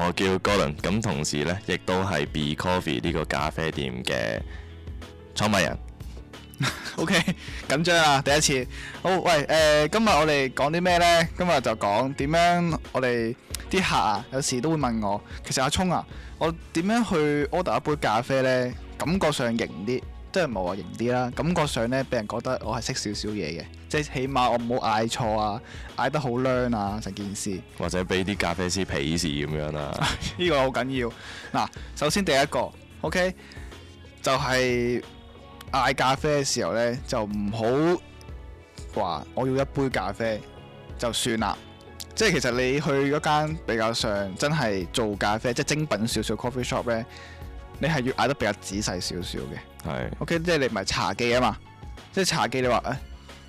我叫 Gordon，咁同時咧，亦都係 Be Coffee 呢個咖啡店嘅創辦人。OK，緊張啦，第一次。好，喂，誒，今日我哋講啲咩咧？今日就講點樣我哋啲客啊，有時都會問我，其實阿聰啊，我點樣去 order 一杯咖啡咧？感覺上型啲。都係冇話型啲啦，感覺上呢，俾人覺得我係識少少嘢嘅，即係起碼我唔好嗌錯啊，嗌得好靚啊成件事，或者俾啲咖啡師鄙視咁樣啦、啊，呢 個好緊要。嗱，首先第一個 OK，就係嗌咖啡嘅時候呢，就唔好話我要一杯咖啡就算啦。即係其實你去一間比較上真係做咖啡即係、就是、精品少少 coffee shop 呢。你係要嗌得比較仔細少少嘅，係是。OK，即係你唔係茶記啊嘛，即係茶記你話誒誒，夥、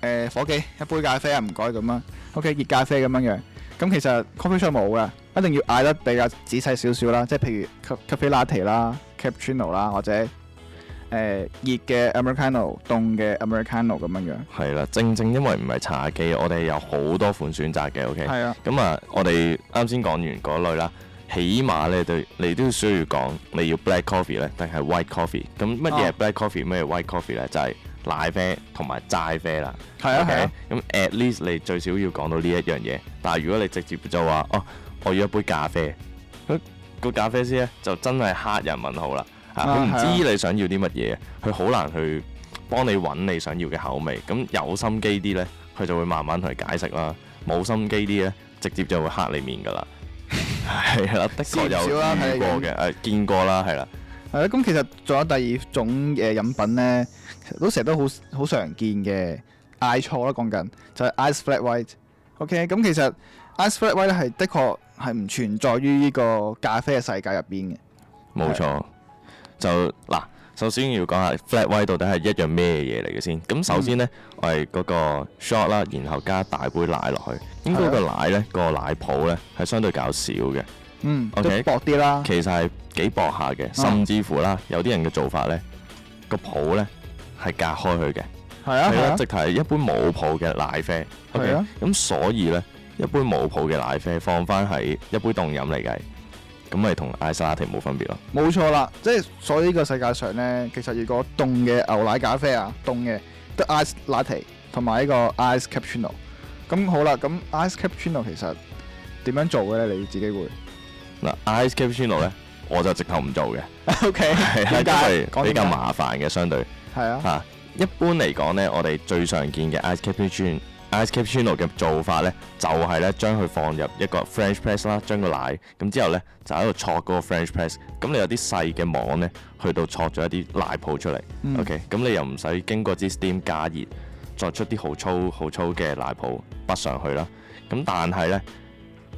哎呃、計一杯咖啡啊，唔該咁啊。OK，熱咖啡咁樣樣，咁其實 coffee shop 冇嘅，一定要嗌得比較仔細少少啦。即係譬如 ca 咖啡拿鐵啦 cappuccino 啦，或者誒、呃、熱嘅 Americano，凍嘅 Americano 咁樣樣。係啦、啊，正正因為唔係茶記，我哋有好多款選擇嘅。O K。係啊。咁啊，我哋啱先講完嗰類啦。起碼咧，對你都需要講，你要 black coffee 咧，定係 white coffee？咁乜嘢係 black coffee？咩、oh. white coffee 咧？就係、是、奶啡同埋齋啡啦。係啊係啊。咁 okay?、啊、at least 你最少要講到呢一樣嘢。但係如果你直接就話哦，我要一杯咖啡，佢個咖啡師咧就真係黑人問號啦。佢唔、啊啊、知你想要啲乜嘢，佢好、啊啊、難去幫你揾你想要嘅口味。咁有心機啲咧，佢就會慢慢去解釋啦。冇心機啲咧，直接就會黑你面噶啦。係啦，的確有少少啦，睇過嘅，誒、啊、見過啦，係啦。係啦，咁其實仲有第二種嘅飲品咧，其實都成日都好好常見嘅嗌 c 錯啦講緊，就係、是、Ice Flat White。OK，咁其實 Ice Flat White 咧係的確係唔存在於呢個咖啡嘅世界入邊嘅。冇錯，的就嗱。首先要講下 flat white 到底係一樣咩嘢嚟嘅先。咁首先呢，我係嗰個 shot 啦，然後加大杯奶落去。應該個奶呢，個奶泡呢，係相對較少嘅。嗯，OK，薄啲啦。其實係幾薄下嘅，甚至乎啦，有啲人嘅做法呢，個泡呢，係隔開佢嘅。係啊，係啦，直頭係一杯冇泡嘅奶啡。OK，咁所以呢，一杯冇泡嘅奶啡放翻喺一杯凍飲嚟計。咁咪同 ice latte 冇分別咯，冇錯啦，即係所以呢個世界上咧，其實如果凍嘅牛奶咖啡啊，凍嘅得 ice latte 同埋呢個 ice cappuccino，咁好啦，咁 ice cappuccino 其實點樣做嘅咧？你自己會嗱、呃、ice cappuccino 咧，我就直頭唔做嘅 ，OK，的為因為比較麻煩嘅，相對係啊，嚇、啊、一般嚟講咧，我哋最常見嘅 ice cappuccino。Ice cappuccino 嘅做法咧，就係、是、咧將佢放入一個 French press 啦，將個奶咁之後咧就喺度挫嗰個 French press，咁你有啲細嘅網咧去到挫咗一啲奶泡出嚟。嗯、OK，咁你又唔使經過支 steam 加熱，作出啲好粗好粗嘅奶泡不上去啦。咁但係咧，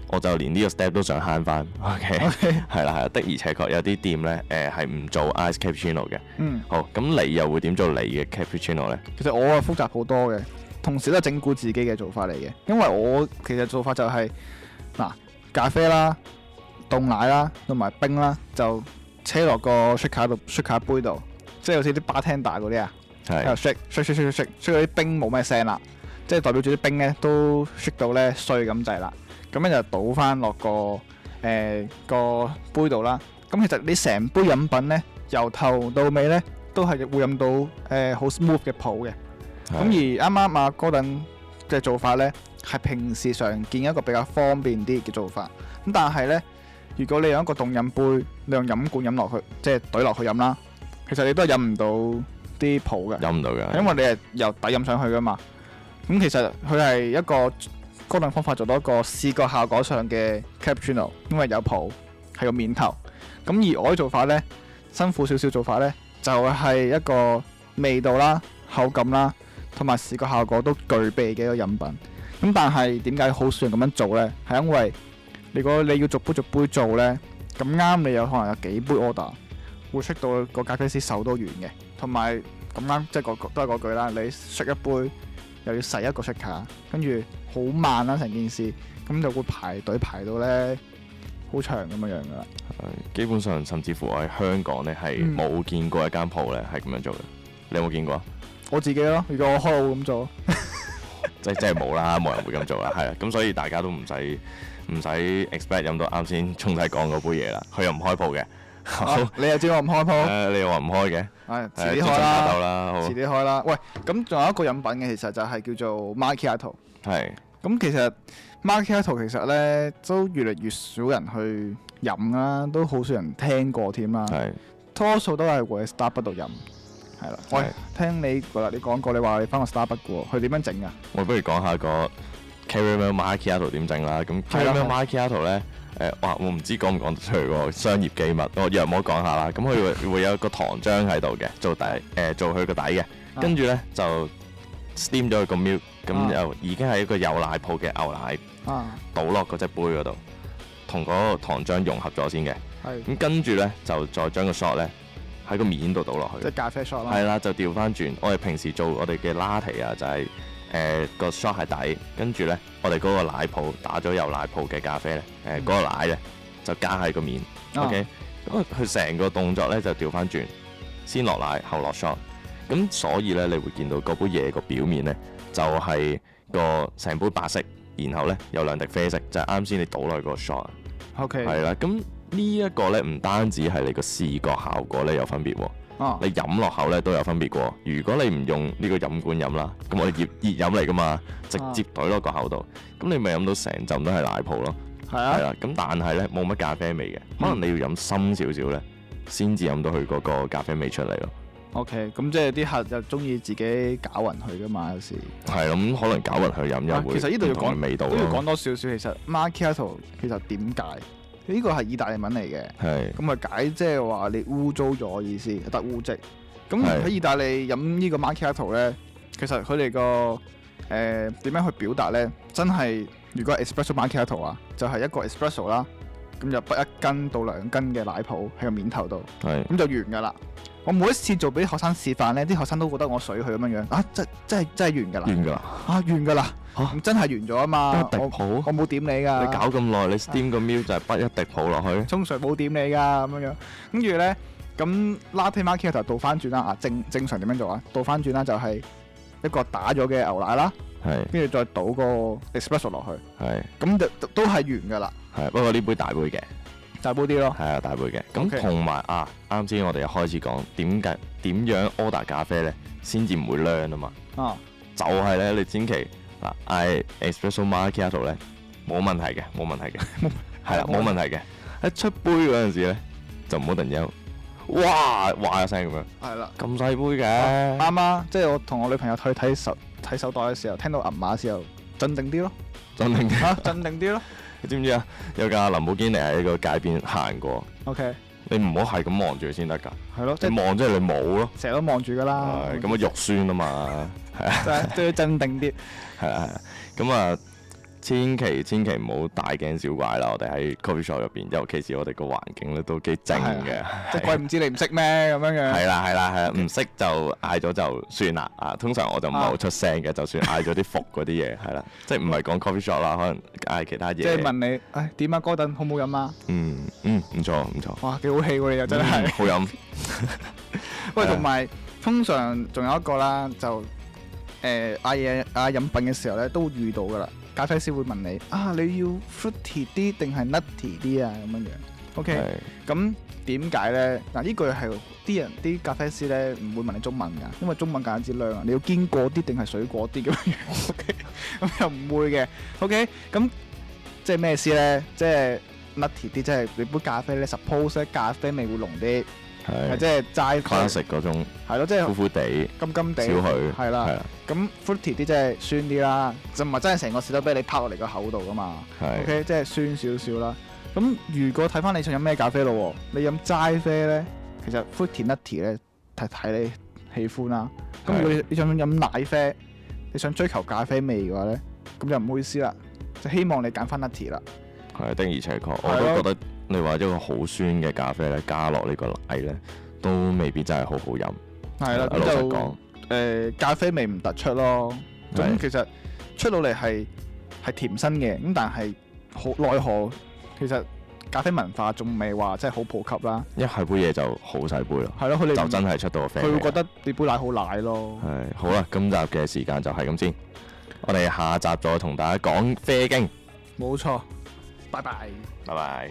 我就連呢個 step 都想慳翻。OK，係啦係啦，的而且確有啲店咧，誒係唔做 ice cappuccino 嘅。嗯，好，咁你又會點做你嘅 cappuccino 咧？其實我啊複雜好多嘅。同時都係整蠱自己嘅做法嚟嘅，因為我其實做法就係、是、嗱咖啡啦、凍奶啦、同埋冰啦，就車落個 shaker 度 shaker 杯度，即係好似啲 bartender 嗰啲啊，又是、uh, shake shake shake shake shake shake，shake 啲冰冇咩聲啦，即係代表住啲冰咧都 shake 到咧碎咁滯啦，咁樣就倒翻落個誒個杯度啦。咁其實你成杯飲品咧，由頭到尾咧都係會飲到誒好、呃、smooth 嘅泡嘅。咁而啱啱阿哥頓嘅做法呢，係平時常見一個比較方便啲嘅做法。咁但係呢，如果你用一個凍飲杯，你用飲管飲落去，即係懟落去飲啦，其實你都係飲唔到啲泡嘅。飲唔到㗎。因為你係由底飲上去㗎嘛。咁、嗯、其實佢係一個哥頓方法做到一個視覺效果上嘅 cappuccino，因為有泡係個面頭。咁而我嘅做法呢，辛苦少少做法呢，就係、是、一個味道啦、口感啦。同埋視覺效果都具備嘅一個飲品，咁但係點解好少人咁樣做咧？係因為如果你要逐杯逐杯做咧，咁啱你有可能有幾杯 order，會出到個咖啡師手都軟嘅，同埋咁啱即係都係嗰句啦，你出一杯又要洗一個出卡，跟住好慢啦、啊、成件事，咁就會排隊排到咧好長咁樣樣噶啦。係基本上甚至乎喺香港咧係冇見過一間鋪咧係咁樣做嘅，嗯、你有冇見過啊？我自己咯，如果我開鋪，會咁做。即即係冇啦，冇人會咁做啦，係啊。咁所以大家都唔使唔使 expect 飲到啱先，從頭講嗰杯嘢啦。佢又唔開鋪嘅。好，你又知我唔開鋪。誒，你又話唔開嘅？係，遲啲開啦。遲啲開啦。喂，咁仲有一個飲品嘅，其實就係叫做 Macchiato。係。咁其實 Macchiato 其實咧都越嚟越少人去飲啦，都好少人聽過添啦。係。多數都係會喺 Starbucks 度飲。係啦，我聽你嗰日你講過，你話你翻個 Starbucks 喎，佢點樣整啊？我不如講下個 Caramel Macchiato 點整啦。咁 Caramel Macchiato 咧，誒，哇，我唔知講唔講得出個商業機密，我樣唔好講下啦。咁佢會有一個糖漿喺度嘅，做底，誒，做佢個底嘅。跟住咧就 steam 咗佢個 milk，咁又已經係一個有奶泡嘅牛奶，倒落嗰隻杯嗰度，同嗰個糖漿融合咗先嘅。咁跟住咧就再將個 shot 咧。喺個面度倒落去，即係咖啡 shot 咯。係啦，就掉翻轉。我哋平時做我哋嘅 latte 啊，就係、是、誒、呃、個 shot 係底，跟住咧我哋嗰個奶泡打咗有奶泡嘅咖啡咧，誒、呃、嗰、嗯、個奶咧就加喺個面。啊、OK，咁佢成個動作咧就掉翻轉，先落奶後落 shot。咁所以咧，你會見到嗰杯嘢個表面咧、嗯、就係、嗰個成杯白色，然後咧有兩滴啡色，就係啱先你倒落嚟個 shot。OK，係啦，咁。嗯呢一個咧唔單止係你個視覺效果咧有分別喎，啊、你飲落口咧都有分別過。如果你唔用呢個飲管飲啦，咁我哋熱熱飲嚟噶嘛，直接懟落個口度，咁、啊、你咪飲到成浸都係奶泡咯。係啊，係啦、啊，咁但係咧冇乜咖啡味嘅，嗯、可能你要飲深少少咧，先至飲到佢嗰個咖啡味出嚟咯。OK，咁即係啲客又中意自己攪勻佢噶嘛，有時係啊，咁可能攪勻佢飲又會唔同嘅味道咯。都、啊、要，要講多少少，其實 Macchiato 其實點解？呢個係意大利文嚟嘅，咁咪是解即係話你污糟咗意思，得污跡。咁喺意大利飲呢個 macchiato 咧，是其實佢哋個誒點樣去表達咧？真係如果 espresso macchiato 啊，就係、是、一個 espresso 啦，咁就不一斤到兩斤嘅奶泡喺個面頭度，咁是就完㗎啦。我每一次做俾學生示範咧，啲學生都覺得我水佢咁樣樣。啊，真真係真係完㗎啦、啊！完㗎啦！啊，完㗎啦！真係完咗啊嘛！我好，我冇點你㗎。你搞咁耐，你 Steam 個瞄就係不一滴泡落去。沖水冇點你㗎，咁樣樣。跟住咧，咁 Latte Macchiato 倒翻轉啦，正正常點樣做啊？倒翻轉啦，就係一個打咗嘅牛奶啦，跟住是再倒個 Espresso 落去。係是。咁就都係完㗎啦。係，不過呢杯大杯嘅。大杯啲咯，係啊，大杯嘅。咁同埋啊，啱先我哋又開始講點解點樣 order 咖啡咧，先至唔會 𤓓 啊嘛。啊，就係咧，你千祈嗱嗌 espresso macchiato 咧，冇問題嘅，冇問題嘅，係 啦對，冇 Okay. 問題嘅。一出杯嗰陣時咧，就唔好突然間，哇哇嘅聲咁樣。係啦了，咁細杯嘅。啱啊，即係、就是、我同我女朋友去睇手睇手袋嘅時候，聽到銀碼嘅時候，鎮定啲咯，鎮定嚇，鎮定啲咯。 你知唔知啊？有架林寶堅尼喺個街邊行過。OK 你不不。了你唔好係咁望住佢先得㗎。係咯，即係望即係你冇咯。成日都望住㗎啦。係咁啊，肉酸啊嘛。係啊， 都要鎮定啲。係啊係啊，咁、嗯、啊。千祈千祈唔好大驚小怪啦！我哋喺 coffee shop 入邊，尤其是我哋個環境咧都幾靜嘅。即係鬼唔知你唔識咩咁樣嘅。係啦係啦係啊係啦，唔識就嗌咗就算啦。通常我就唔係好出聲嘅，就算嗌咗啲服嗰啲嘢係啦，即係唔係講 coffee shop 啦，可能嗌其他嘢。即係問你，唉點啊哥頓好唔好飲啊？嗯嗯，唔錯唔錯。哇，幾好氣喎你又真係。好飲。喂，同埋通常仲有一個啦，就。誒嗌嘢嗌飲品嘅時候咧，都會遇到㗎喇。咖啡師會問你啊，你要 fruity 啲定係 nutty 啲啊咁樣樣。OK，咁點解咧？嗱，呢句係啲人啲咖啡師咧唔會問你中文㗎，因為中文簡單之孭啊。你要堅果啲定係水果啲咁樣樣。OK，咁又唔會嘅。OK，咁即係咩意思咧？即係 nutty 啲，即係你杯咖啡咧，suppose 咖啡味會濃啲。係即係齋，食嗰種係咯，即係苦苦地、複複甘甘地，少許係啦。咁 fruity 啲即係酸啲啦，就唔係真係成個士多啤梨撻落嚟個口度噶嘛。係是的 OK，即係酸少少啦。咁如果睇翻你想飲咩咖啡咯，你飲齋啡咧，其實 fruity nutty 咧，睇睇你喜歡啦。咁是的 如果你，你想飲奶啡，你想追求咖啡味嘅話咧，咁就唔好意思啦，就希望你揀翻 nutty 啦。係，的而且確，我都覺得。你話一個好酸嘅咖啡咧，加落呢個奶咧，都未必真係好好飲。係啦的，老實講、呃，咖啡味唔突出咯。咁的其實出到嚟係係甜身嘅，咁但係好奈何，其實咖啡文化仲未話真係好普及啦。一係杯嘢就好細杯咯。係咯，佢就真係出到啡。佢會覺得你杯奶好奶咯。係好啦，今集嘅時間就係咁先。我哋下集再同大家講啡經。冇錯，拜拜，拜拜。